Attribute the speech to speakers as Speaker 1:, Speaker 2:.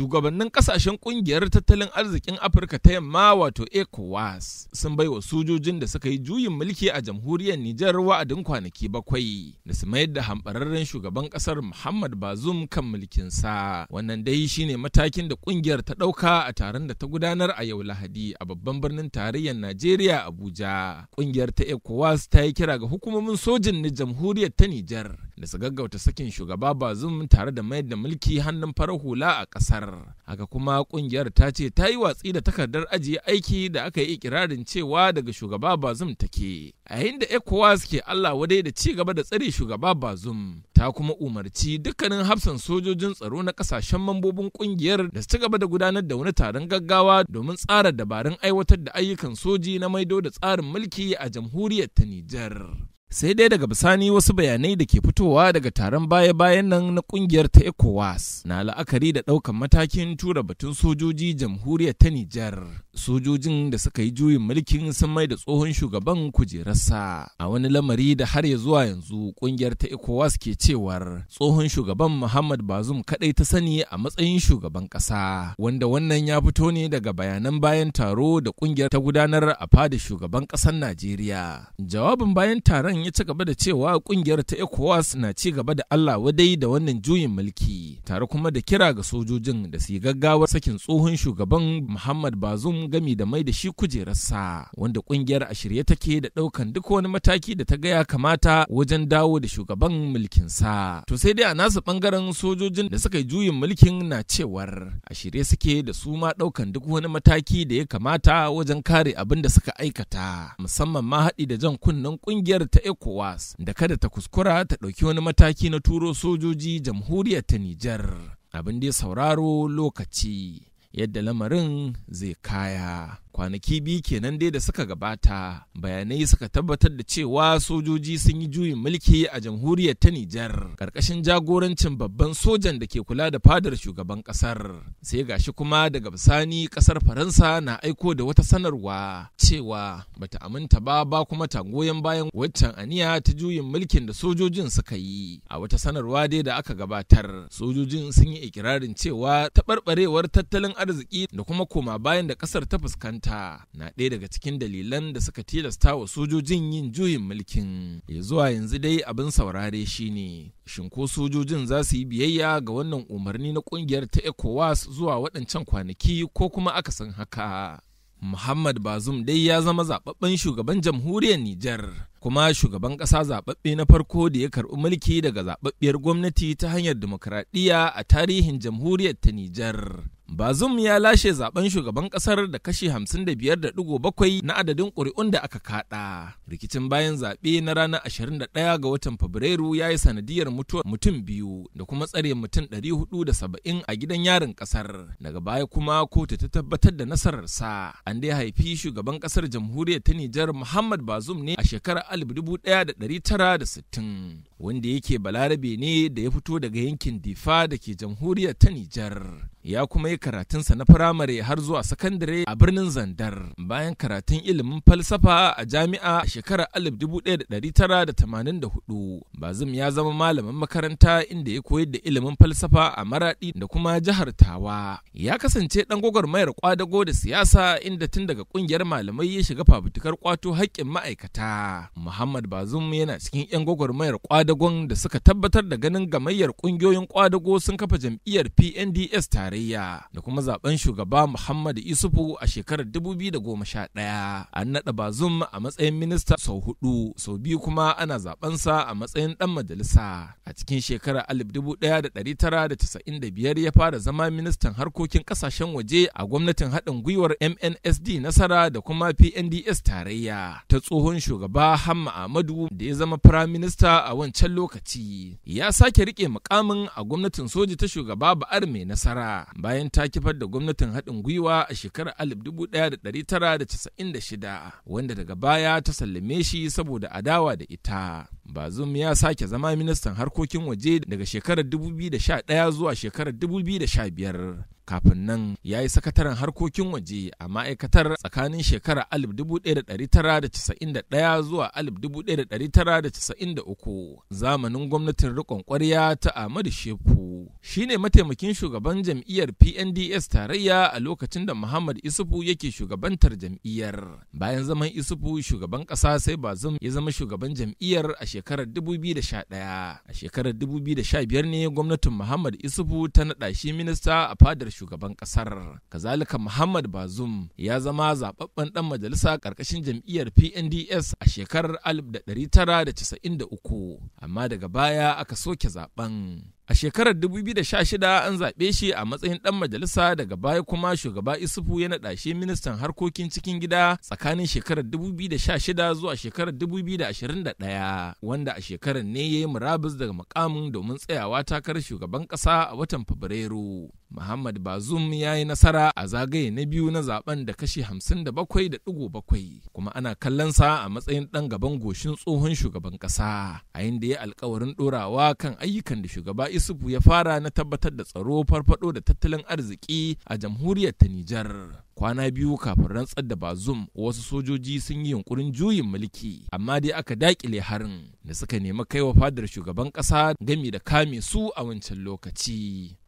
Speaker 1: shugabannin kasashen kungiyar tattalin arzikin afirka ta yamma wato ecowas sun baiwa sojojin da suka yi juyin mulki a jamhuriyar nijar wa'adin kwanaki bakwai da su mayar da hambararren shugaban kasar muhammad bazum kan mulkinsa wannan dai shine matakin da kungiyar ta ɗauka a taron da ta gudanar a yau lahadi a babban birnin tarayyar najeriya abuja kungiyar ta ecowas ta yi kira ga hukumomin sojin na jamhuriyar ta nijar da su gaggauta sakin shugaba bazum tare da mayar da mulki hannun farar hula a kasar haka kuma kungiyar ta ce ta yi watsi da takardar ajiye aiki da aka yi ikirarin cewa daga shugaba bazum take a yayin da ecowas ke allah wadai da ci gaba da tsare shugaba bazum ta kuma umarci dukkanin hafsan sojojin tsaro na kasashen mambobin kungiyar da su ci gaba da gudanar da wani taron gaggawa domin tsara dabarun aiwatar da ayyukan soji na maido da tsarin mulki a jamhuriyar ta nijar sai dai daga bisani wasu bayanai da ke fitowa daga taron baya-bayan nan na kungiyar ta ECOWAS na la'akari da ɗaukan matakin tura batun sojoji jamhuriyar ta Nijar. Sojojin da suka yi juyin mulkin sun mai da tsohon shugaban kujerarsa a wani lamari da har ya zuwa yanzu kungiyar ta ECOWAS ke cewar tsohon shugaban Muhammad Bazum kadai ta sani a matsayin shugaban ƙasa wanda wannan ya fito ne daga bayanan bayan taro da kungiyar ta gudanar a fada shugaban ƙasar Najeriya. Jawabin bayan taron ya ci gaba da cewa kungiyar ta ECOWAS na ci gaba da Allah wadai da wannan juyin mulki tare kuma da kira ga sojojin da su yi gaggawar sakin tsohon shugaban Muhammad bazum gami da mai da shi kujerarsa wanda kungiyar a shirye take da daukan duk wani mataki da ta ga ya kamata wajen dawo da shugaban mulkin sa To sai dai a nasu bangaren sojojin da suka yi juyin mulkin na cewar a shirye suke da su ma daukan duk wani mataki da ya kamata wajen kare abin da suka aikata musamman ma haɗi da jan kunnen kungiyar ta ECOWAS da kada ta kuskura ta ɗauki wani mataki na turo sojoji jamhuriyar ta Nijar. Abin da ya sauraro lokaci yadda lamarin zai kaya. kwanaki biyu kenan dai da suka gabata bayanai suka tabbatar da cewa sojoji sun yi juyin mulki a jamhuriyar ta Nijar karkashin jagorancin babban sojan da ke kula da fadar shugaban kasar sai gashi kuma daga bisani kasar Faransa na aiko da wata sanarwa cewa bata aminta ba ba kuma ta bayan waccan aniya ta juyin mulkin da sojojin suka yi a wata sanarwa dai da aka gabatar sojojin sun yi ikirarin cewa taɓarɓarewar tattalin arziki da kuma koma bayan da kasar ta fuskanta mata na ɗaya daga cikin dalilan da suka tilasta wa sojojin yin juyin mulkin ya zuwa yanzu dai abin saurare shine shin ko sojojin za su yi biyayya ga wannan umarni na ƙungiyar ta ecowas zuwa waɗancan kwanaki ko kuma aka san haka Muhammad Bazum dai ya zama zaɓaɓɓen shugaban jamhuriyar Nijar, kuma shugaban ƙasa zababbe na farko da ya karɓi mulki daga zababbiyar gwamnati ta hanyar dimokuraɗiyya a tarihin jamhuriyar ta Nijar. Bazum ya lashe zaben shugaban kasar da kashi 55.7 na adadin ƙuri'un da aka kada. Rikicin bayan zaɓe na ranar 21 ga watan Fabrairu ya yi sanadiyar mutuwar mutum biyu da kuma tsare mutum 470 a gidan yarin kasar. Daga baya kuma kotu ta tabbatar da nasararsa. An dai haifi shugaban kasar jamhuriyar ta Nijar Muhammad Bazum ne a shekarar 1960 wanda yake balarabe ne da ya fito daga yankin Difa da ke jamhuriyar ta Nijar. Ya kuma yi karatunsa na firamare har zuwa sakandare a birnin Zandar bayan karatun ilimin falsafa a jami'a a shekarar 1984. Bazum ya zama malamin makaranta inda ya koyar da ilimin falsafa a Maradi da kuma jihar Tawa. Ya kasance ɗan gwagwarmayar kwadago da siyasa inda tun daga ƙungiyar malamai ya shiga fafutukar kwato haƙƙin ma'aikata. Muhammad Bazum yana cikin 'yan gwagwarmayar kwadagon da suka tabbatar da ganin gamayyar ƙungiyoyin kwadago sun kafa jam'iyyar PNDS tarayya. da kuma zaben shugaba Muhammadu Isufu a shekarar 2011 an naɗa Bazum a matsayin minista sau hudu sau biyu kuma ana zabensa a matsayin ɗan majalisa a cikin shekarar 1995 ya fara zama ministan harkokin kasashen waje a gwamnatin haɗin gwiwar MNSD nasara da kuma PNDS tarayya ta tsohon shugaba Hamma Ahmadu da ya zama firaminista a wancan lokaci ya sake rike mukamin a gwamnatin soji ta shugaba Ba'ar mai nasara bayan ta ta kifar da gwamnatin haɗin gwiwa a shekarar 1996 wanda daga baya ta sallame shi saboda adawa da ita. Bazum ya sake zama ministan harkokin waje daga shekarar 2011 zuwa shekarar 2015. kafin nan ya yi sakataren harkokin waje a ma'aikatar tsakanin shekarar 1991 zuwa 1993 zamanin gwamnatin riƙon ƙwarya ta Ahmadu Shehu. Shi ne mataimakin shugaban jam'iyyar PNDS tarayya a lokacin da Muhammad Isufu yake shugabantar jam'iyyar. Bayan zaman Isufu shugaban ƙasa sai Bazum ya zama shugaban jam'iyyar a shekarar 2011. A shekarar 2015 ne gwamnatin Muhammad Isufu ta naɗa shi minista a fadar shugaban ƙasar. Kazalika Muhammad Bazum ya zama zaɓaɓɓen ɗan majalisa ƙarƙashin jam'iyyar PNDS a shekarar 1993 amma daga baya aka soke zaben. A shekarar 2016 an zaɓe shi a matsayin ɗan majalisa daga baya kuma shugaba Isufu ya naɗa shi ministan harkokin cikin gida tsakanin shekarar 2016 zuwa shekarar 2021 wanda a shekarar ne ya yi murabus daga mukamin domin tsayawa takarar shugaban ƙasa a watan Fabrairu. Muhammad Bazum ya yi nasara a zagaye na biyu na zaben da kashi 57.7 kuma ana kallonsa a matsayin ɗan gaban goshin tsohon shugaban ƙasa a da ya alkawarin ɗorawa kan ayyukan da shugaba yusuf ya fara na tabbatar da tsaro farfado da tattalin arziki a jamhuriyar ta nijar kwana biyu kafin rantsar da bazum wasu sojoji sun yi yunkurin juyin mulki amma dai aka dakile harin da suka nemi kaiwa fadar shugaban kasa gami da kame su a wancan lokaci